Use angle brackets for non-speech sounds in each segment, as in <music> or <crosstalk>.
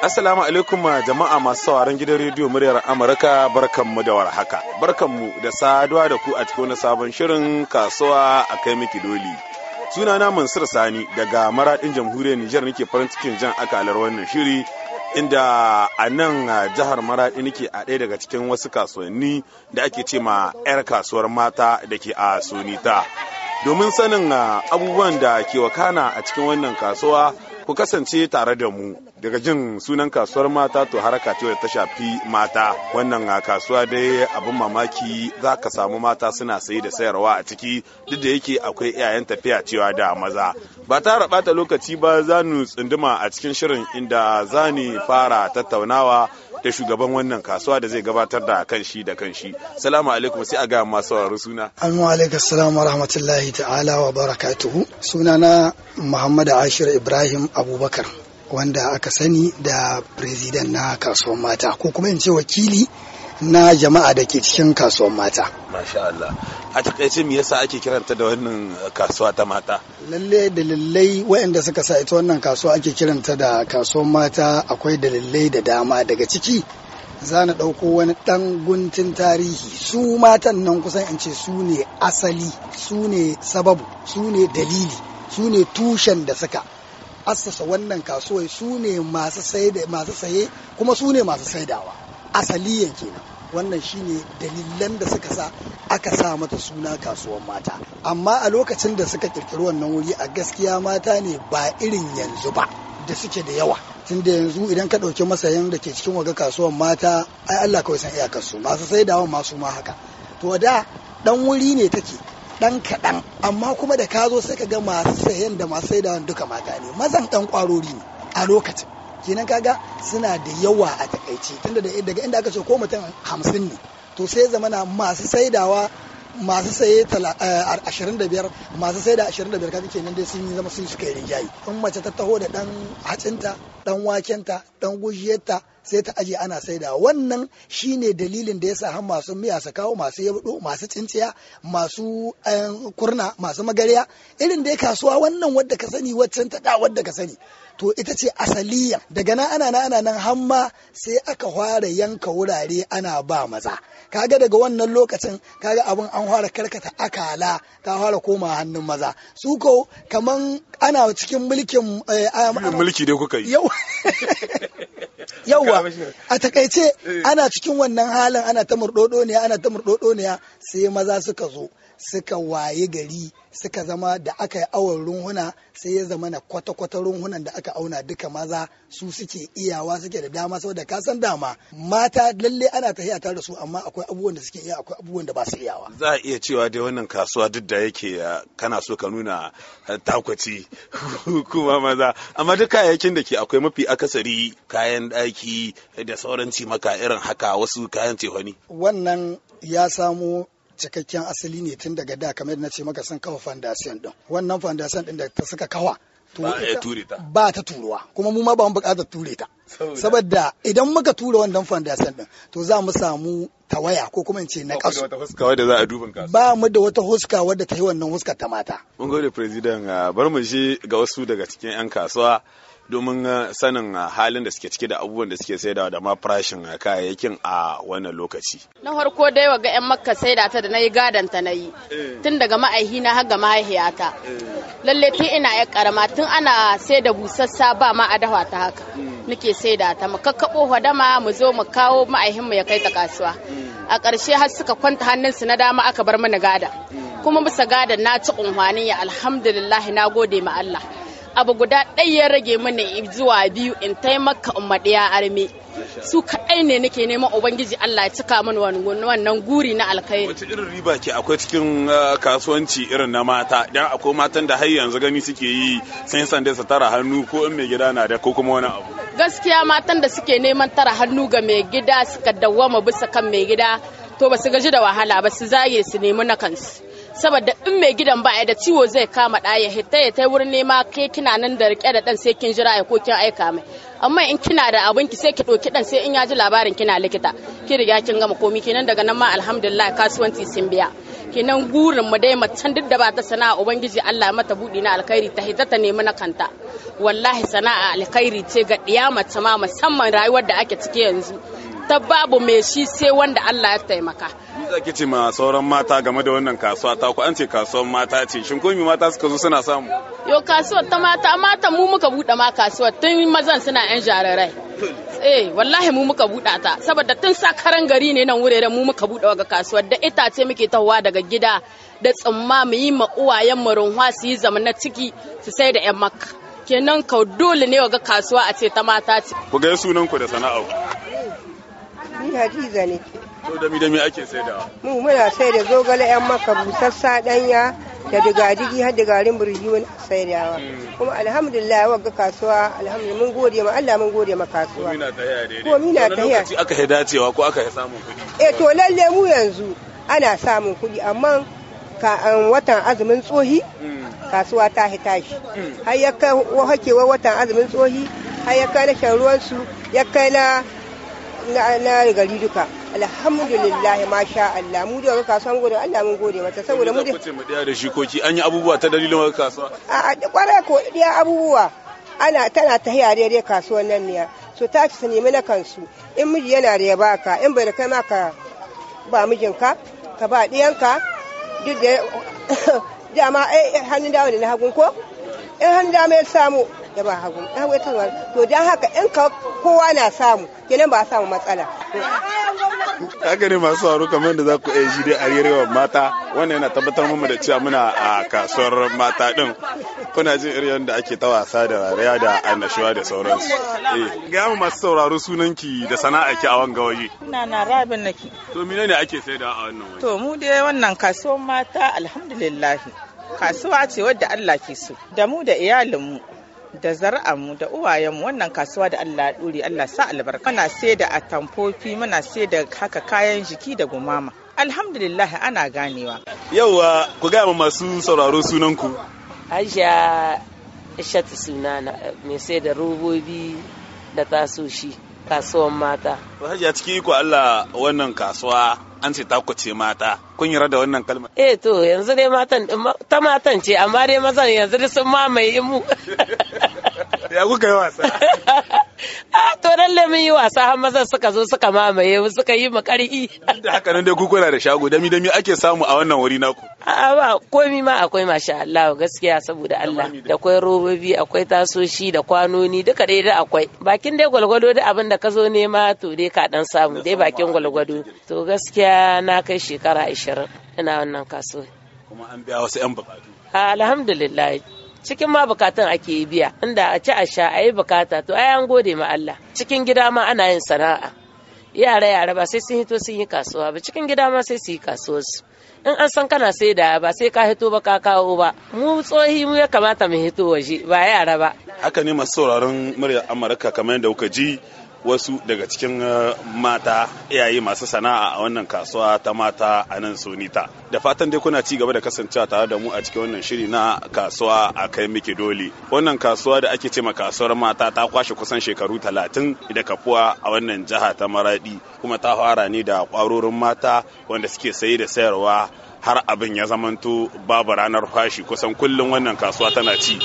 Assalamu alaikum uh, jama'a masu sauraron gidan rediyo muryar Amurka barkanmu da warhaka. Barkanmu da saduwa da ku a cikin wani sabon shirin kasuwa a kai miki doli. Sunana Mansur Sani daga maradin jamhuriyar Nijar nake farin cikin jan akalar wannan shiri inda a nan uh, jihar maradi nake a ɗaya daga cikin wasu kasuwanni da ake ce ma 'yar kasuwar mata da ke a Sonita. Domin sanin uh, abubuwan da ke wakana a cikin wannan kasuwa ku kasance tare da mu daga jin sunan kasuwar mata to haraka ce ta shafi mata wannan a ah, kasuwa dai abin mamaki za ka samu mata suna sayi da sayarwa a ciki duk da yake akwai iyayen tafiya cewa da maza ba ta rabata lokaci ba za tsunduma a cikin shirin inda za ni fara tattaunawa da shugaban wannan kasuwa da zai gabatar da kan shi da kan shi salamu alaikum sai a ga masu sauraro suna amma alaikum assalamu wa rahmatullahi ta'ala wa barakatuhu sunana muhammad ashir ibrahim abubakar wanda aka sani da president na kasuwar mata ko kuma in ce wakili na jama'a da ke cikin kasuwar mata. Masha Allah. A takaice me yasa ake kiranta da wannan uh, kasuwa ta mata? Lalle da lallai waɗanda suka sa ita wannan kasuwa ake kiranta da kasuwar mata akwai dalilai da dama daga ciki za na ɗauko wani ɗan guntun tarihi su matan nan kusan in ce su ne asali su ne sababu su ne dalili su ne tushen da suka Asasa wannan kasuwai su ne masu saye kuma su ne masu saidawa asali yake nan. wannan shine dalilan da suka sa aka sa mata suna kasuwan mata amma a lokacin da suka kirkiri wannan wuri a gaskiya mata ne ba irin yanzu ba da suke da yawa tunda yanzu idan ka ɗauki masayin da ke cikin waga kasuwan mata ai Allah kawai san iyakar su masu wani masu ma haka to da dan wuri ne take dan kaɗan amma kuma da ka zo sai ka ga masu sayan da masu wani duka mata ne mazan dan kwarori ne a lokacin kenan kaga suna da yawa a takaice tunda daga inda aka ce ko mutum hamsin ne to sai zamana masu saidawa masu saye 25 masu eh, ashirin da 25 kaga kenan dai sun yi zama sun suka yi rijayi in mace ta taho da dan hacinta dan wakenta dan gujiyarta sai ta aje ana saida wannan shine dalilin da yasa har masu miya su kawo masu yabdo masu tsintsiya masu eh, kurna masu magarya irin dai kasuwa wannan wadda ka sani waccan ta da wadda ka sani to ita ce asaliya daga nan ana nan ana nan hamma sai aka fara yanka wurare ana ba maza kaga daga wannan lokacin kaga abin an fara karkata akala ta fara koma hannun maza su ko kaman ana cikin mulkin eh, mulki dai kuka yi <laughs> yawa a takaice eh. ana cikin wannan halin ana ta murɗoɗoniya ana ta murɗoɗoniya sai maza suka zo suka waye gari suka zama da aka yi awon runhuna sai ya zama na kwata-kwata runhunan da aka auna duka maza su suke iyawa suke da dama saboda ka san dama mata lalle ana tahiya tare da su amma akwai abubuwan da suke iya akwai abubuwan da ba su iyawa za a iya cewa dai wannan kasuwa duk da yake eh, kana so ka nuna eh, takwaci <laughs> kuma maza amma duk kayayyakin da ke akwai mafi akasari kayan ɗaki da sauran maka irin haka wasu kayan tehoni wannan ya samo cikakken asali ne tun daga da kamar na ce maka sun kawo foundation din wannan foundation din da ta suka kawa ba ta turuwa kuma mu ma ba mu bukatar ture ta saboda idan muka tura wannan foundation din to za mu samu tawaya ko kuma in ce na kasu ba mu da wata huska wadda ta yi wannan huskar ta mata mun gode president ah, bar mu shi ga wasu daga cikin yan kasuwa domin uh, sanin uh, halin da suke ciki da abubuwan da suke saidawa da ma farashin uh, kayayyakin a wannan lokaci. Na farko dai wa ga 'yan makka saida ta da na yi gadon ta na yi eh. tun daga ma'aihi na har ga mahaihiyata. Eh. Lalle tun ina ya karama tun ana saida busassa ba ma a dawa ta haka. Muke hmm. saida ta mu kakkaɓo hadama mu zo mu kawo ma'aihin mu ya kai ta kasuwa. Hmm. A ƙarshe har suka kwanta hannun su na dama aka bar mana gada. Hmm. Kuma bisa gada na ci unhwanin ya alhamdulillah na gode ma Allah. abu guda ɗaya ya rage mana zuwa biyu in taimaka umma ɗaya arme su kaɗai ne nake neman ubangiji Allah ya cika min wannan guri na alkhairi wace irin riba ke akwai cikin ah, kasuwanci irin na mata dan akwai matan da har yanzu gani suke yi sai sanda su tara hannu ko in mai gida na da ko kuma wani abu gaskiya matan da suke neman tara hannu ga mai gida suka dawwama bisa kan mai gida to ba su gaji da wahala ba su zage su nemi na kansu saboda in mai gidan ba ya da ciwo zai kama da ya hita ya tai wurin nema kai kina nan da rike da dan sai kin jira ai ko kin aika mai amma in kina da abin ki sai ki doki dan sai in ya ji labarin kina likita ki riga kin gama komi kenan daga nan ma alhamdulillah kasuwanci sun biya kenan gurin mu dai macen duk da ba ta sana'a ubangiji Allah mata buɗi na alkhairi ta hita ta nemi na kanta wallahi sana'a alkhairi ce ga ɗiya ma musamman rayuwar da ake ciki yanzu ta babu mai shi sai wanda Allah ya taimaka. Ni za ki ce ma sauran mata game da wannan kasuwa ta ku an ce kasuwar mata ce shin ko mata suka zo suna samu? Yo kasuwar ta mata mata mu muka buɗe ma kasuwar tun mazan suna yan jarirai. Eh wallahi mu muka buɗe ta saboda tun sakaran gari ne nan wuraren mu muka buɗe wa kasuwar da itace muke tahowa daga gida da tsumma mu yi ma uwayen mu runwa su yi zaman na ciki su sai da yan maka kenan ka dole ne ga kasuwa a ce ta mata ce. Ku ga sunan ku da sana'a. ni Hadiza ne. To da midami ake saidawa? Mu muna saida zogale yan maka busassa danya da digadigi har da garin burji mun saidawa. Mm. Kuma alhamdulillah wagga kasuwa alhamdulillah mun gode ma Allah mun gode ma kasuwa. Ko mina ta yaya Ko mina ta yaya. Lokaci aka dacewa ko aka samu kuɗi. Eh to lalle mu yanzu ana samun kuɗi amma ka um, watan azumin tsohi mm. kasuwa ta tashi mm. har ya kai watan azumin tsohi har ya kai na shan su ya kai na na gari duka alhamdulillah masha Allah mu da kasuwa gode Allah mun gode mata saboda mu da kuce mu da shikoki an yi abubuwa ta dalilin kasuwa a kwarai ko iya abubuwa ana tana tahiya daidai kasuwar nan ne so ta ci su mana kansu in miji yana da ya baka in bai da kai maka ba mijinka ka ba diyanka duk da <coughs> dama eh, eh, hannun dawo da na hagun ko in hannun dawo ya samu da ba hagu na waitarwa to don haka in ka kowa na samu kenan ba samu matsala ka ne masu sauraro kamar da za ku iya shi dai a rerewa mata wannan yana tabbatar mu da cewa muna a kasuwar mata din kuna jin irin yadda ake ta wasa da rariya da annashuwa da sauransu eh, ga mu masu sauraro sunanki da sana'a ki a wanga waje ina na rabin naki to ne ake saida a wannan waje to mu dai wannan kasuwar mata alhamdulillah kasuwa ce wadda Allah ke so da mu da iyalinmu da mu da uwayenmu wannan kasuwa da Allah ya dure Allah sa albarka muna sai da atamfofi muna sai da haka kayan jiki da gumama alhamdulillah ana ganewa yauwa ku gaya ma masu sauraro sunanku Aisha Ishatu sunana mai sai da robobi da tasoshi kasuwan mata Hajiya cikin iko Allah wannan kasuwa an ce takwace mata kun yi da wannan kalma eh to yanzu dai matan ta matan ce amma dai mazan yanzu sun mamaye mu <laughs> ya kuka yi wasa <laughs> a ah, to nan le mun yi wasa har mazan suka zo suka mamaye mu suka yi mu karhi da haka nan dai ku kuna da shago dami dami ake samu a wannan wuri naku a ah, ba komi ma akwai masha Allah gaskiya saboda Allah da akwai robobi akwai tasoshi da kwanoni duka dai da akwai bakin dai gwalgwado da abin da ka zo nema to dai ka dan samu dai bakin gwalgwado to gaskiya na kai shekara 20 ina wannan kasuwa kuma an biya wasu 'yan bukatu ah, alhamdulillah cikin ma bukatun ake biya inda a ci a sha a yi bukata to ai an gode ma Allah cikin gida ma ana yin sana'a yara yara ba sai sun hito sun yi kasuwa ba cikin gida ma sai su yi kasuwarsu in an san kana sai da ba sai ka hito ba ka kawo ba mu tsohi mu ya kamata mu hito waje ba yara ba haka ne masu sauraron murya amurka kamar yadda kuka ji wasu daga cikin uh, mata iyaye masu sana'a a wannan kasuwa ta mata a nan sunita da fatan dai kuna ci gaba da kasancewa tare da mu a cikin wannan shiri na kasuwa a kai miki doli wannan kasuwa da ake ce ma kasuwar mata ta kwashe kusan shekaru talatin da kafuwa a wannan jiha ta maradi kuma ta fara ne da kwarorin mata wanda suke sayi da sayarwa har abin ya zamanto babu ranar fashi kusan kullum wannan kasuwa tana ci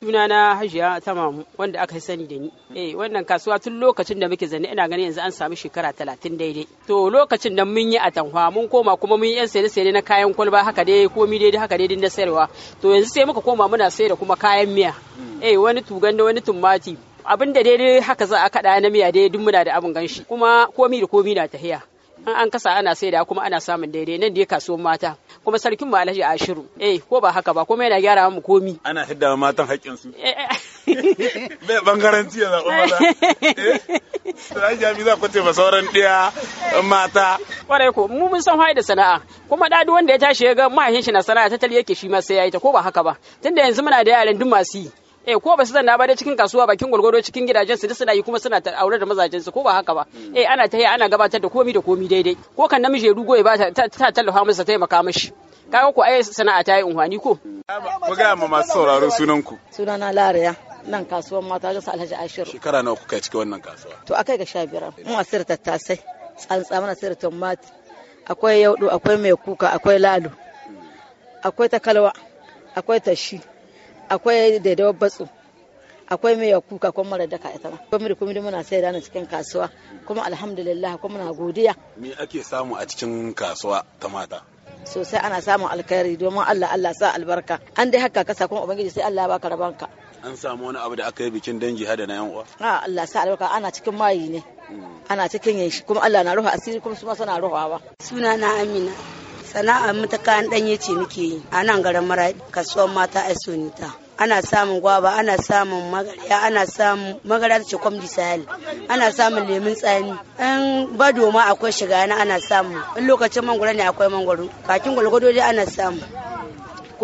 Sunana Hajiya Tamamu wanda aka sani da ni. Eh wannan kasuwa tun lokacin da muke zanne ina ganin yanzu an samu shekara talatin daidai. To lokacin da mun yi atanhwa mun koma kuma mun yi yan saye-saye na kayan kwalba haka dai komi daidai haka daidai na sayarwa. To yanzu sai muka koma muna sayar da kuma kayan miya. Hmm. Eh wani tugan da wani tumati. Abin da daidai haka za a kaɗa na miya dai duk muna da abin ganshi kuma komi da komi na tahiya. An kasa ana saida kuma ana samun daidai nan dai kasuwar mata. kuma sarkin mu Alhaji Ashiru eh ko ba haka ba kuma yana gyara mu komi ana hidda matan haƙƙin su eh, eh. <laughs> bai bangaranci ya zaɓa mata eh jami za ku ce ba sauran ɗiya mata kwarai ko mu mun san da sana'a kuma da wanda ya tashi ya ga mahaifin shi na sana'a tattali yake shi ma sai ya yi ta ko ba haka ba tunda yanzu muna da yaran duk masu yi eh ko ba su zanna ba dai cikin kasuwa bakin gwalgwado cikin gidajen su suna yi kuma suna aure da mazajen su ko ba haka ba hmm. eh ana ta ana gabatar da komi da komi daidai ko kan namiji ya rugo ya ba ta tallafa masa taimaka mishi kaga ko ai sana'a ta yi unhwani ko ku ga ma masu sauraro sunan ku sunana Lariya nan kasuwar mata ga Alhaji Ashiru shekara nawa kuka ciki wannan kasuwa to akai ga 15 mu asir tattasai tsantsa mana sir tomati akwai yaudu akwai mai kuka akwai lalo, hmm. akwai takalwa akwai tashi akwai daidawar batsu akwai mai kuka kuma mara daka ita ma kuma da kuma muna sai na cikin kasuwa kuma alhamdulillah kuma muna godiya me ake samu a cikin kasuwa ta mata sosai ana samun alkhairi domin Allah Allah sa albarka an dai haka kasa kuma ubangiji sai Allah ya baka rabanka an samu wani abu da aka yi bikin dangi hada na yan uwa a Allah sa albarka ana cikin mayi ne hmm. ana cikin yin shi kuma Allah na ruha asiri kuma su ma suna ruhawa suna na Amina sana'ar mu ta kayan ɗanye ce muke yi a nan garin mara kasuwar mata aisonita ana samun gwaba ana samun magarya ana samun magara da cikom disayal ana samun lemun tsami ba doma akwai shiga ana samu in lokacin mangwaro ne akwai mangwaro kakin gwalgwado dai ana samu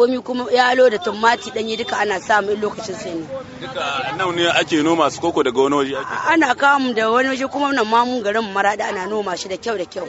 komi kuma yalo da tumati danyi duka ana samu in lokacin sai ne duka nan ne ake noma su koko daga wani waje ake ana kamu da wani waje kuma nan mun garin marada ana noma shi da kyau da kyau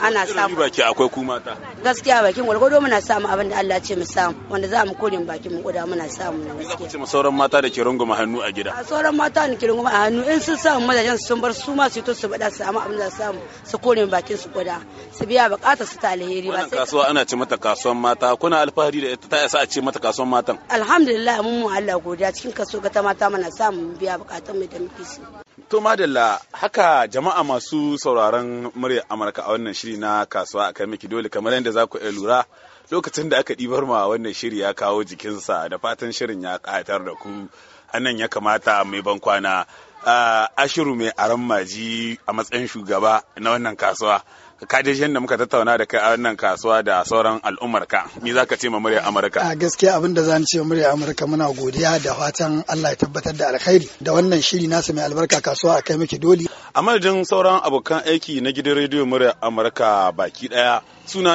ana samu baki akwai kuma ta. gaskiya bakin gwargwado muna samu abin da Allah ce mu samu wanda za mu kore bakin mu guda muna samu ne gaskiya ce sauran mata da ke ma hannu a gida sauran mata da ke runguma hannu in sun samu madajan sun bar su ma su to su bada su samu abin da samu su kore bakin su guda su biya bukatar su ta alheri ba sai kasuwa ana ce mata kasuwan mata kuna alfahari da ita ta yasa a ce mata kasuwan matan alhamdulillah mun mu Allah godiya cikin kaso ga ta mata mana samu biya bukatun mai da muke so to madalla haka jama'a masu sauraron murya Amurka a wannan shiri na kasuwa a kai miki dole kamar yadda za ku iya lura lokacin da aka ɗibar ma wannan shiri ya kawo jikinsa da fatan shirin ya ƙayatar da ku anan ya kamata mai ban kwana ah, ashiru mai aran maji a matsayin shugaba na wannan kasuwa ka je yadda muka tattauna da kai a wannan kasuwa da sauran al'ummar ka za ka ce ma murya Amurka a gaskiya abin da zan ce murya Amurka muna godiya da fatan Allah ya tabbatar da alkhairi da wannan shiri nasu mai albarka kasuwa a kai miki doli a madadin sauran abokan aiki na gidan rediyo murya Amurka baki daya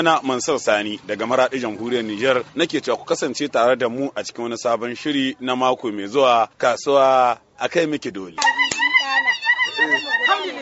na Mansur Sani daga Maradi Jamhuriyar Niger nake cewa ku kasance tare da mu a cikin wani sabon shiri na mako mai zuwa kasuwa a kai miki doli